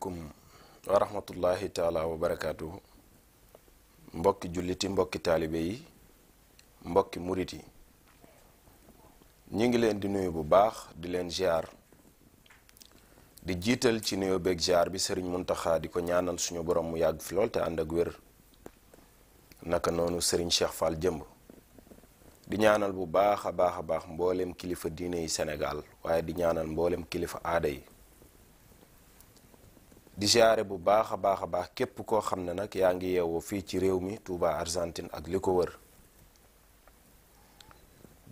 aleykum wa rahmatullahi taala wa barakaatu mbokki julliti mbokki taalibe yi mbokki murit yi ñu ngi leen di nuyu bu baax di leen ziar di jiital ci nuyu beeg ziar bi sëriñ Muntaxa di ko ñaanal suñu borom mu yàgg fi lool te ànd ak wér naka noonu sëriñ Cheikh Fall jëmb di ñaanal bu baax a baax a baax mboolem kilifa diine yi Sénégal waaye di ñaanal mbooleem kilifa aada yi di ziare bu baax a baax a baax képp koo xam ne nag yaa ngi yeewoo fii ci réew mi Touba Argentine ak li ko wër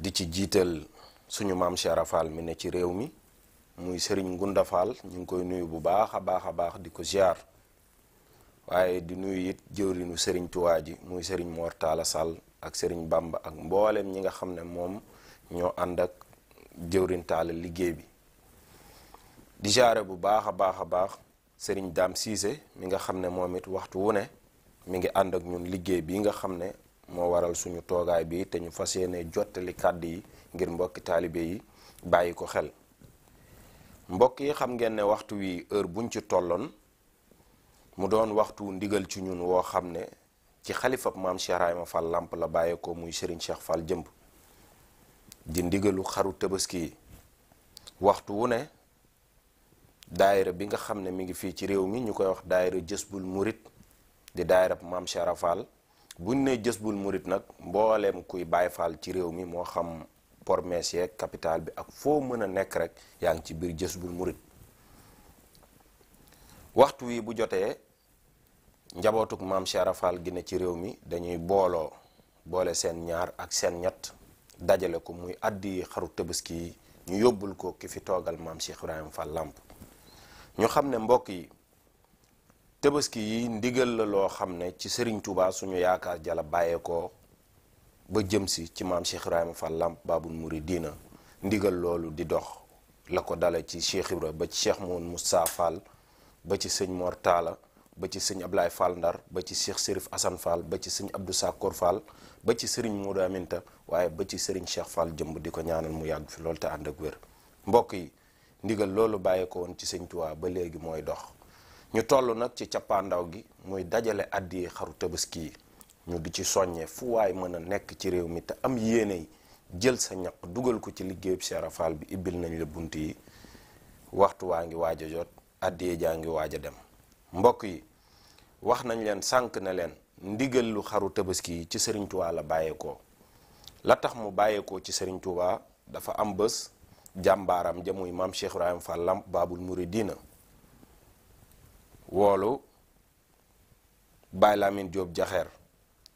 di ci jiital suñu maam Cheikh Fall mi ne ci réew mi muy sëriñ Ngunda ñu ngi koy nuyu bu baax a baax a baax di ko ziar waaye di nuyu it jëwriñu Serigne Touba ji muy Serigne Mor Talla ak sëriñ Bamba ak mbooleem ñi nga xam ne moom ñoo ànd ak jëwriñ liggéey bi di jaare bu baax a baax a baax. sëriñ Dame Cissé mi nga xam ne moom it waxtu wu ne mi ngi ànd ak ñun liggéey bi nga xam ne moo waral suñu toogaay bi te ñu fas yéene jottali kàdd yi ngir mbokki taalibe yi bàyyi ko xel mbokk yi xam ngeen ne waxtu wi heure buñ ci tolloon mu doon waxtu ndigal ci ñun woo xam ne ci xalifa xalifab maam Cheikh ma Fall làmp la bàyyeekoo muy Serigne Cheikh Fall jëmb di ndigalu xaru tabaski yi waxtu wu ne daayira bi nga xam ne mi ngi fii ci réew mi ñu koy wax daayira jësbul murit di daayira maam Cheikh Fall buñ ne jësbul murit nag mbooleem kuy Baay Faal ci réew mi moo xam Port Messier capital bi ak foo mën a nekk rek yaa ngi ci biir jësbul murit waxtu wii bu jotee njabootuk maam Cheikh Fall gi ne ci réew mi dañuy booloo boole seen ñaar ak seen ñett dajale ko muy addi xaru tabaski ñu yóbbul ko ki fi toogal maam Cheikh Ibrahima Fall Lamp ñu xam ne mbokk yi tabaski yi ndigal la loo xam ne ci sëriñ Touba suñu yaakaar jala bàyyeekoo ba jëm si ci maam Cheikh Ibrahima Fall Lamp Baabul diina ndigal loolu di dox la ko dale ci Cheikh Ibra ba ci Cheikh Moon Moussa Fall ba ci sëñ Mor ba ci sëñ ablaay Fall Ndar ba ci Cheikh Serif Assane Fall ba ci sëñ Abdou Sakkour Fall ba ci sëriñ Modou Aminta waaye ba ci sëriñ Cheikh Fall jëmb di ko ñaanal mu yàgg fi loolu te ànd ak wér mbokk yi ndigal loolu bàyyi ci sëñ ba léegi mooy dox ñu toll nag ci cappaandaw gi muy dajale àddiya xaru tabaski yi ñu di ci soññee fu waay mën a nekk ci réew mi te am yéene jël sa ñaq dugal ko ci liggéeyub Cheikh Fall bi ibbil nañ la bunt yi waxtu waa ngi waaj a jot àddiya jaa ngi waaj a dem mbokk yi wax nañ leen sànq ne leen ndigal lu xaru tabaski yi ci sëriñ Tuubaa la bàyyeekoo la tax mu bàyyeekoo ci sëriñ Tuubaa dafa am bés jàmbaaram ja muy maam Cheikh Ibrahima Fall Lamp Baabul Muridina woolu Baay Lamin Jóob Jaxeer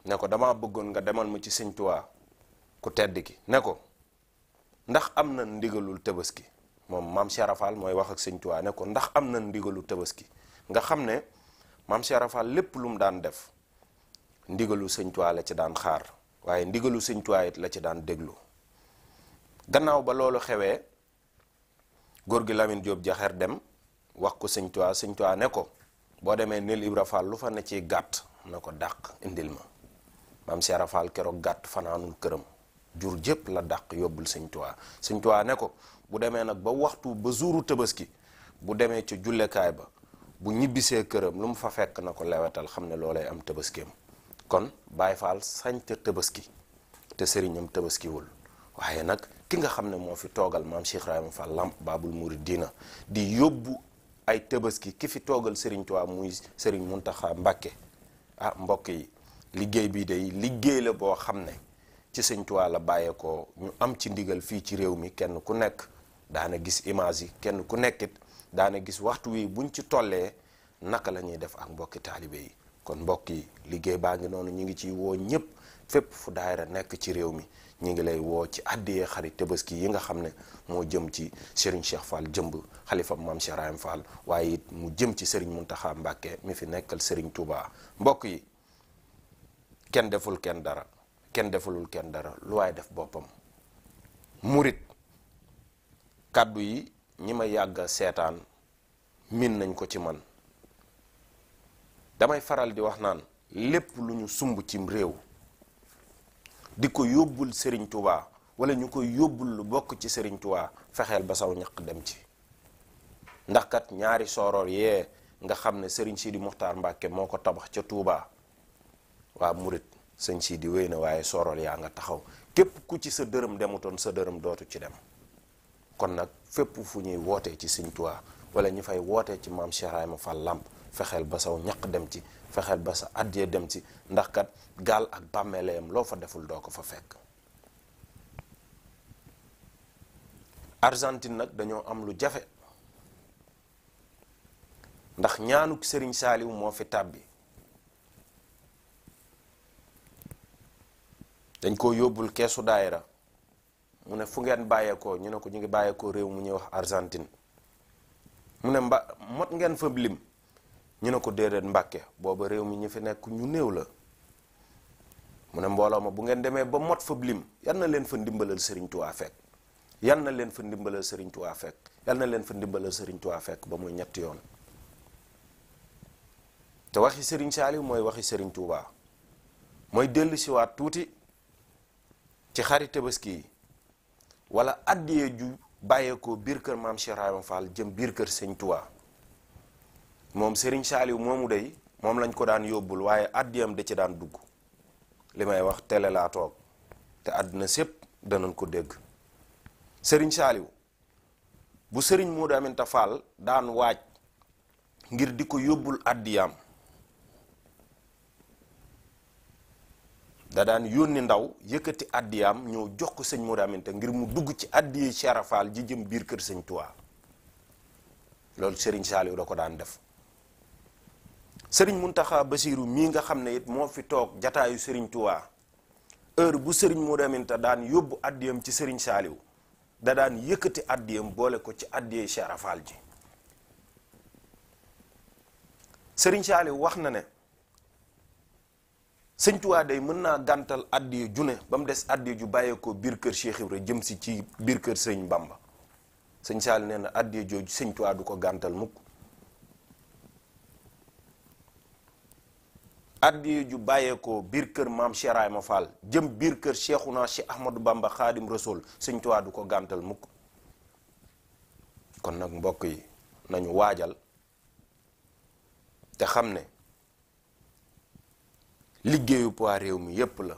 ne ko dama bëggoon nga demal ma ci Sëñ Tuubaa ku tedd ki ne ko ndax am na ndigalul tabaski moom mam Cheikh Ibra mooy wax ak Sëñ ne ko ndax am na ndigalul tabaski nga xam ne mam Cheikh Ibra lépp lu mu daan def ndigalu Sëñ Tuubaa la ci daan xaar waaye ndigalu Sëñ Tuubaa it la ci daan déglu gannaaw ba loolu xewee góor gi Lamine Diop jaxeer dem wax ko sëñ Tuubaa sëñ Tuubaa ne ko boo demee nil Ibra Fall lu fa ne ci gàtt na ko dàq indil ma maam Seera Fall keroog gàtt fanaanul këram jur jëpp la dàq yóbbul sëñ Tuubaa sëñ Tuubaa ne ko bu demee nag ba waxtu ba zuuru tabaski bu demee ca jullekaay ba bu ñibbisee këram lu mu fa fekk na ko lewetal xam ne loolay am tabaskeem kon Baay Faal sañta tabaski te sëriñam tabaskiwul waaye nag ki nga xam ne moo fi toogal maam Cheikh Ibrahima Fall Lamp Baabul Mouridina di yóbbu ay tabaski ki fi toogal Serigne Touba muy Serigne Mountakha mbàkke ah mbokk yi liggéey bi day liggéey la boo xam ne ci Sëñ Touba la bàyyeekoo ñu am ci ndigal fii ci réew mi kenn ku nekk daana gis image yi kenn ku nekkit daana gis waxtu wi buñ ci tollee naka lañuy def ak mbokki taalibe yi kon mbokk yi liggéey baa ngi noonu ñu ngi ciy woo ñëpp fépp fu daayira nekk ci réew mi ñu ngi lay woo ci àddiyee xari tabaski yi nga xam ne moo jëm ci Serigne Cheikh Fall jëmb xalifam maam Cheikh Rahim Fall waaye it mu jëm ci Serigne Mountakha Mbacké mi fi nekkal Serigne Touba mbokk yi kenn deful kenn dara kenn defulul kenn dara lu waaye def boppam murit kàddu yi ñi ma yàgg seetaan miin nañ ko ci man damay faral di wax naan lépp lu ñu sumb cim réew di ko yóbbul sëriñ Touba wala ñu koy yóbbul lu bokk ci sëriñ Touba fexeel ba saw ñaq dem ci ndax kat ñaari sooroor yee nga xam ne Serigne Sidi Muxtaar Mbàkke moo ko tabax ca Touba waa murit sëñ Sidi wéy na waaye sooroor yaa nga taxaw képp ku ci sa dërëm demutoon sa dërëm dootu ci dem kon nag fépp fu ñuy wootee ci Serigne Touba wala ñu fay wootee ci maam Cheikh Ibrahima Fall Lamp fexeel ba saw ñaq dem ci fexeel ba sa addiya dem ci ndax kat gaal ak bàmmeeleyam loo fa deful doo ko fa fekk Argentine nag dañoo am lu jafe ndax ñaanuk Serigne Saliou moo fi tàbbi dañ ko yóbbul keesu daayira mu ne fu ngeen bàyyeekoo ñu ne ko ñu ngi bàyyeekoo réew mu ñuy wax Argentine mu ne mba mot ngeen fa lim ñu ne ko déedéet mbàkke booba réew mi ñu fi nekk ñu néew la mu ne mbooloo ma bu ngeen demee ba mot fa lim yan na leen fa ndimbalal Serigne Touba fekk yan na leen fa ndimbalal Serigne Touba fekk na leen fa ndimbalal Serigne ba muy ñetti yoon te waxi sëriñ saali mooy waxi sëriñ Touba mooy dellu siwaat tuuti ci xari tabaski yi wala addiyee ju bàyyeekoo biir kër maam Cheikh Ibrahima Fall jëm biir kër Serigne Touba moom Serigne Saliou moomu day moom lañ ko daan yóbbul waaye àddiyam da ci daan dugg li may wax télé laa toog te àddina sépp danañ ko dégg sëriñ saaliw bu sëriñ Modou Aminta Fall daan waaj ngir di ko yóbbul àddiyam da daan yónni ndaw yëkkati àddiyaam ñëw jox ko sëñ Modou Aminta ngir mu dugg ci àddiye Cheikh Fall ji jëm biir kër sëñ Tuubaa loolu Serigne Saliou da ko daan def sëriñ taxa Basiiru mii nga xam ne it moo fi toog jataayu sëriñ Tuubaa heure bu sëriñ mu Aminta daan yóbbu addiyam ci sëriñ Saaliw da daan yëkkati addiyam boole ko ci addiyee Cheikh Rafal ji sëriñ Saaliw wax na ne sëñ Tuubaa day mën naa gàntal addiye ju ne ba mu des addiye ju bàyyeekoo biir kër Cheikh Ibra jëm si ci biir kër sëriñ Bamba sëñ Saaliw nee na addiye jooju sëñ Tuubaa du ko gàntal mukk addiye ju bàyyeekoo biir kër maam Cheikh Ibrahima Fall jëm biir kër Cheikhouna Cheikh Ahmadou Bamba Xaadim Rasul Sëñ Tuubaa du ko gàntal mukk kon nag mbokk yi nañu waajal te xam ne liggéeyu poids réew mi yépp la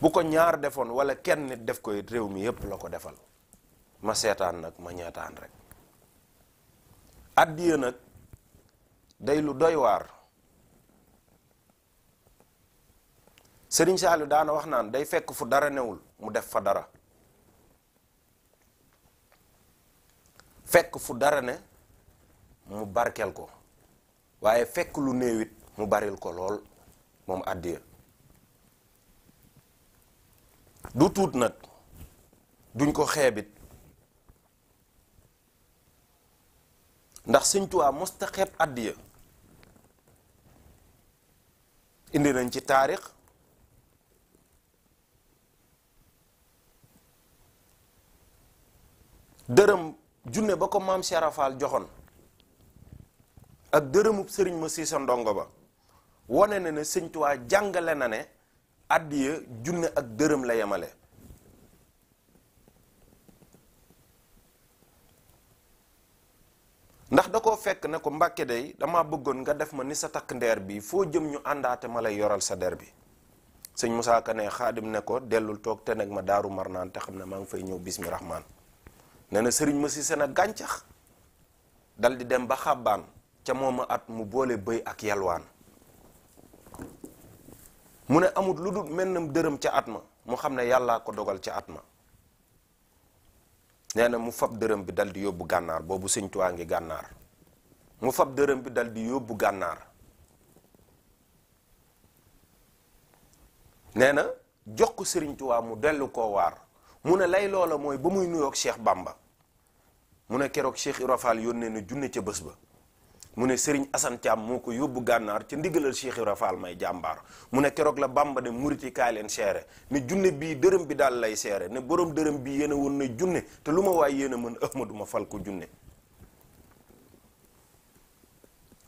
bu ko ñaar defoon wala kenn nit def ko réew mi yépp la ko defal ma seetaan nag ma ñaataan rek addiye nag day lu doy waar sëriñ Saliou daana wax naan day fekk fu dara newul mu def fa dara fekk fu dara ne mu barkeel ko waaye fekk lu néewit mu baril ko lool moom àddiya du tuut nag duñ ko xeebit ndax Sëñ Tuubaa mosta àddiya indi nañ ci taarix dërëm junne ba ko maam Serafal joxoon ak dërëmub sëriñ ma si sa ndongo ba wane na ne sëñ jàngale na ne àddiya junne ak dërëm la yemale ndax da koo fekk ne ko mbàkke day dama bëggoon nga def ma ni sa takk ndeer bi foo jëm ñu àndaate ma lay yoral sa der bi sëñ Musaa Ka ne xaadim ne ko dellul toog te nag ma daaru marnaan te xam ne maa ngi fay ñëw bismi rahmaan nee na sëriñ ma siise nag gàncax daldi dem ba xàbbaan ca mooma at mu boole bëy ak yalwaan mu ne amut lu dul mennam dërëm ca at ma mu xam ne yàllaa ko dogal ca at ma nee na mu fab dërëm bi dal yóbbu gànnaar boobu sëñ Tuubaa ngi gànnaar mu fab dërëm bi daldi yóbbu gànnaar nee na jox ko sëriñ Tuubaa mu dellu koo waar mu ne lay loola mooy ba muy nuyoog Cheikh bàmba mu ne keroog Cheikh Ibra yoon ne na junne ca bés ba mu ne sëriñ Assane Thiam moo ko yóbbu gànnaar ca ndigalal Cheikh Ibra Fall may jàmbaar mu ne keroog la Bamba ne muriti kaay leen seere ne junne bii dërëm bi daal lay seere ne boroom dërëm bi yéen a na junne te lu ma waay yéen a mën Ahmadu ma fal ko junne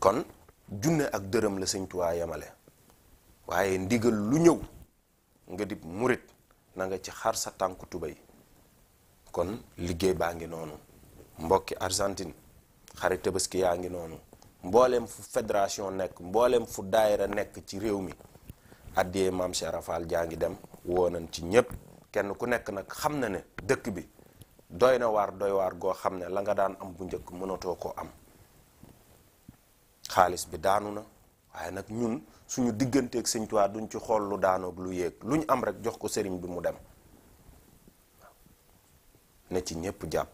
kon junne ak dërëm la Sëñ Tuubaa yemale waaye ndigal lu ñëw nga dib murit na nga ci xar sa tànku tubéy kon liggéey baa ngi noonu mbokki Argentine xari tabaski yaa ngi noonu mbooleem fu fédération nekk mbooleem fu daayira nekk ci réew mi addiyee maam Cheikh Rafal jaa ngi dem woonan ci ñépp kenn ku nekk nag xam na ne dëkk bi doy na waar doy waar goo xam ne la nga daan am bu njëkk mënatoo ko am xaalis bi daanu na waaye nag ñun suñu digganteeg sëñ Tuubaa duñ ci xool lu daanoog lu yéeg lu ñu am rek jox ko sëriñ bi mu dem ne ci ñépp jàpp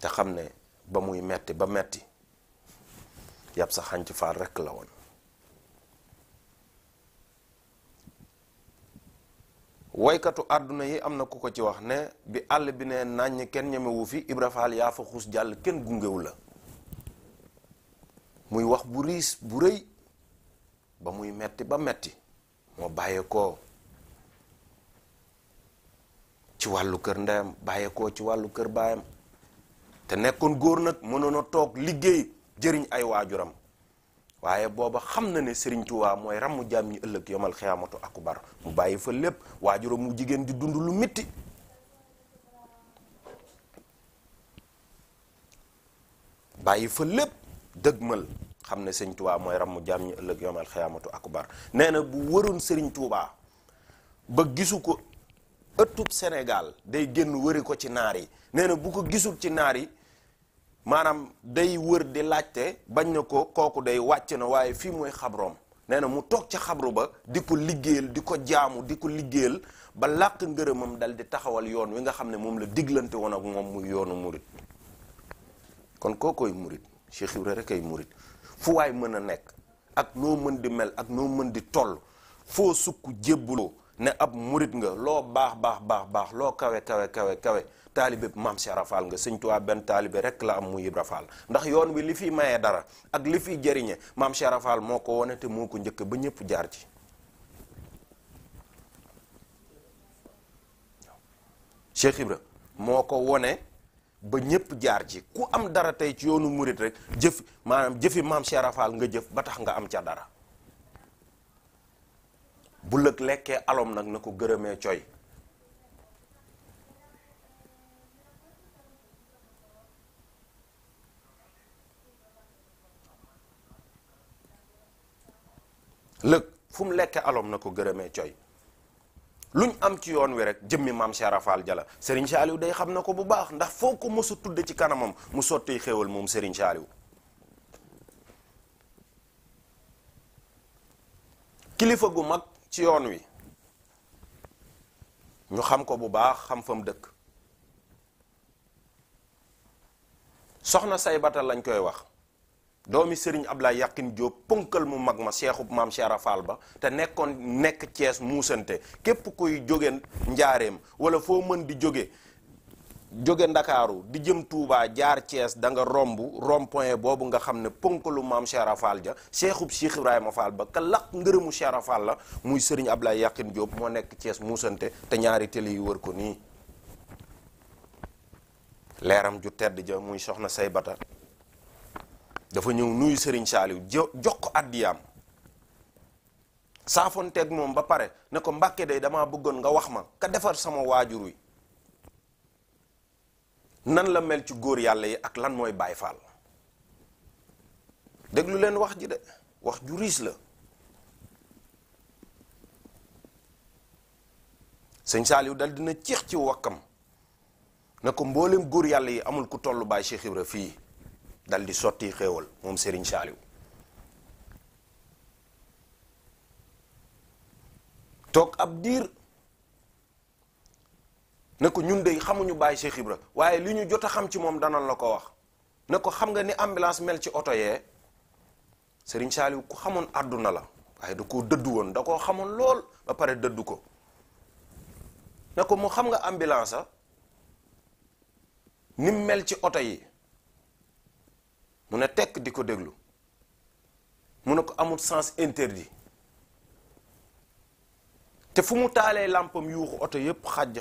te xam ne ba muy metti ba metti yàpp sa xànc faal rekk la woon waykatu àdduna yi am na ku ko ci wax ne bi àll bi ne nàññ kenn ñemewu fi Ibra Faal yaa fa xuus jàll kenn gungewu la muy wax bu riis bu rëy ba muy metti ba metti moo bàyyeekoo ci wàllu kër ndeyam bàyyeekoo ci wàllu kër baayam te nekkoon góor nag mënoon toog liggéey jëriñ ay waajuram waaye booba xam na ne Serigne Touba mooy ramu jaam ñi ëllëg yomal xiyaamatu akbar mu bàyyi fa lépp waajuram mu jigéen di dund lu métti bàyyi fa lépp dëgmal xam ne sëñ Touba mooy ram mu jaam ñu ëllëg yoomal xiyaamatu akbar nee na bu wëroon sëriñ Touba ba gisu ko ëttub Sénégal day génn wëri ko ci naar yi nee na bu ko gisul ci naar yi maanaam day wër di laajte bañ na ko kooku day wàcc na waaye fii mooy xabroom nee na mu toog ca xabru ba di ko liggéeyal di ko jaamu di ko liggéeyal ba làq ngërëmam dal di taxawal yoon wi nga xam ne moom la diglante woon moom muy yoonu murit kon koo koy murit ay murit fu waay mën a nekk ak noo mën di mel ak noo mën di toll foo sukk jébbuloo ne ab murit nga loo baax baax baax baax loo kawe kawe kawe kawe taalibe maam Cheikh Ibra Fall nga sëñ benn taalibe rek la am muy Ibra ndax yoon wi li fi mayee dara ak li fi jariñe maam Cheikh moo ko wone te moo ko njëkk ba ñëpp jaar ci Cheikh Ibra moo ko wone ba ñëpp jaar ji ku am dara tey ci yoonu murit rek jëf maanaam jëfi maam Cheikh Rafal nga jëf ba tax nga am ca dara bu lëg lekkee aloom nag na ko gërëmee coy lëg fu mu lekkee alom na ko gërëmee coy luñ am ci yoon wi rek jëmmi maam Cheikh Rafal Jalla Serigne Saliou day xam na ko bu baax ndax foo ko mosu tudd ci kanamam mu sotti xéewal moom Serigne Saliou kilifa gu mag ci yoon wi ñu xam ko bu baax xam fa mu dëkk soxna say batal lañ koy wax doomi Serigne Ablaye yàqin jóob ponkal mu mag ma seexub maam Cheikh Fall ba te nekkoon nekk Cees muusante képp koy jóge njaareem wala foo mën di jóge jóge ndakaaru di jëm tuuba jaar Cees da romb rond boobu nga xam ne ponkalu maam Cheikh Fall ja seexub Cheikh Ibrahima Fall ba ka laq ngërëmu Cheikh Fall la muy sëriñ ab Ablaye yàqin jóob moo nekk Cees muusante te ñaari télé yi wër ko nii leeram ju tedd ja muy soxna say bata dafa ñëw nuyu sëriñ Saliou jo jox ko addiyaam teg moom ba pare ne ko mbàkke day dama bëggoon nga wax ma ka defar sama waajur wi nan la mel ci góor yàlla yi ak lan mooy Baay Faal déglu leen wax ji de wax ju riis la sëñ Saliou dal dina ciix ci wakkam ne ko mboolem góor yàlla yi amul ku tollu Baay Cheikh Ibra fii dal di sotti xéewal moom Serigne Saliou toog ab diir ne ko ñun de xamuñu bàyyi Cheikh Ibra waaye li ñu jot a xam ci moom dana la ko wax ne ko xam nga ni ambulance mel ci oto yee Serigne Saliou ku xamoon àdduna la waaye da koo dëddu woon da koo xamoon lool ba pare dëddu ko ne ko mu xam nga ambulance a ni mel ci oto yi mu ne tekk di ko déglu mu ne ko amul sens interdit te fu mu taalee làmpam yuuxu oto yépp xaj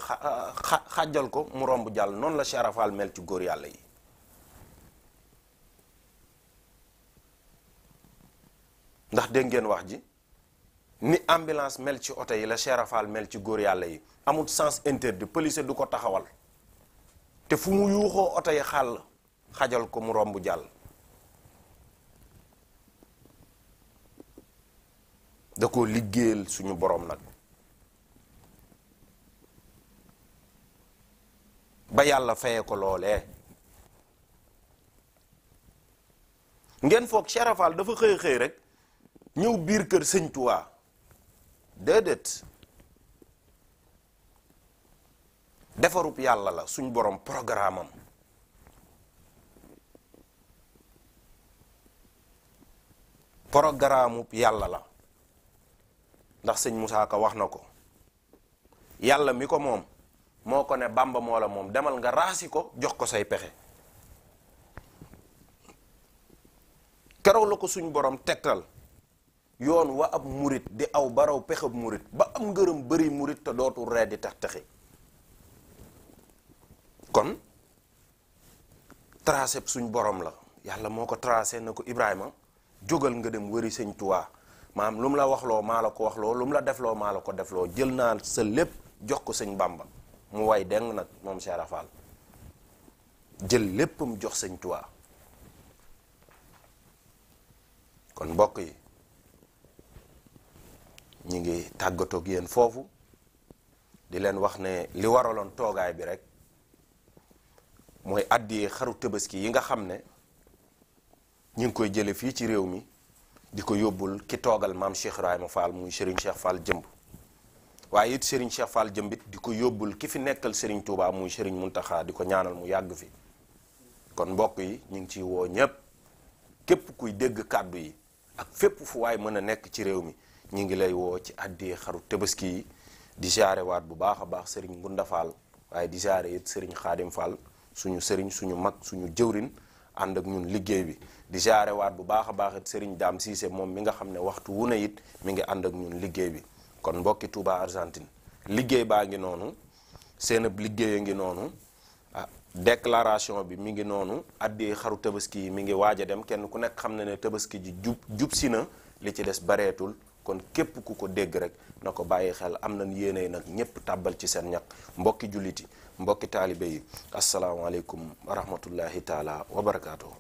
xajal ko mu romb jàll noonu la Charafaal mel ci góor yàlla yi ndax dégg ngeen wax ji ni ambulance mel ci oto yi la Charafaal mel ci góor yàlla yi amul sens interdit police du ko taxawal te fu mu yuuxoo oto yi xàll xajal ko mu romb jàll da ko liggéeyal suñu boroom nag ba yàlla faye ko loole ngeen foog Cherafal dafa xëy xëy rek ñëw biir kër sëñ Tuubaa déedéet defarub yàlla la suñ boroom programme am yàlla la ndax sëñ Moussa ko wax na ko yàlla mi ko moom moo ko ne Bàmba moo la moom demal nga raasi ko jox ko say pexe keroog la ko suñ borom tegtal yoon wa ab murit di aw baraw pexeb murit ba am ngërëm bëri murit te dootul ree di tax taxi kon tracé suñ borom la yàlla moo ko tracé na ko Ibrahima jógal nga dem wëri sëñ Tuubaa maam lu mu la waxloo maa la ko waxloo lu mu la defloo maa la ko defloo jël naa sa lépp jox ko sañ Bamba mu way deng nag moom Cheikh Rafal jël léppam jox sëñ Tuubaa kon mbokk yi ñu ngi tàggatoo yéen foofu di leen wax ne li waraloon toogaay bi rek mooy àddi xaru tabaski yi nga xam ne ñu ngi koy jële fii ci réew mi di ko yóbbul ki toogal maam Cheikh Ibrahima Fall muy Serigne Cheikh Fall jëmb waaye it Serigne Cheikh Fall jëmbit di ko yóbbul ki fi nekkal Serigne Touba muy Serigne Mountakha di ko ñaanal mu yàgg fi kon mbokk yi ñu ngi ciy woo ñëpp képp kuy dégg kàddu yi ak fépp fu waay mën a nekk ci réew mi ñu ngi lay woo ci àddee xaru tabaski yi di jaare waat bu baax a baax Serigne Ngunda Fall waaye di jaare it Serigne Khadim Fall suñu Serigne suñu mag suñu jëwrin ànd ak ñun liggéey bi di jaare waat bu baax a baax it Serigne Dame Cissé moom mi nga xam ne waxtu wu ne it mi ngi ànd ak ñun liggéey bi kon mbokki Touba Argentine liggéey baa ngi noonu seen ab liggéey a ngi noonu ah déclaration bi mi ngi noonu addi xaru tabaski yi mi ngi waaj a dem kenn ku nekk xam na ne tabaski ji jub jub si na li ci des bareetul kon képp ku ko dégg rek na ko bàyyi xel am nañ yéene nag ñépp tàbbal ci seen ñaq mbokki julliti mbokki taalibe yi asalaamaaleykum wa rahmatullahi taala wa barakaatu.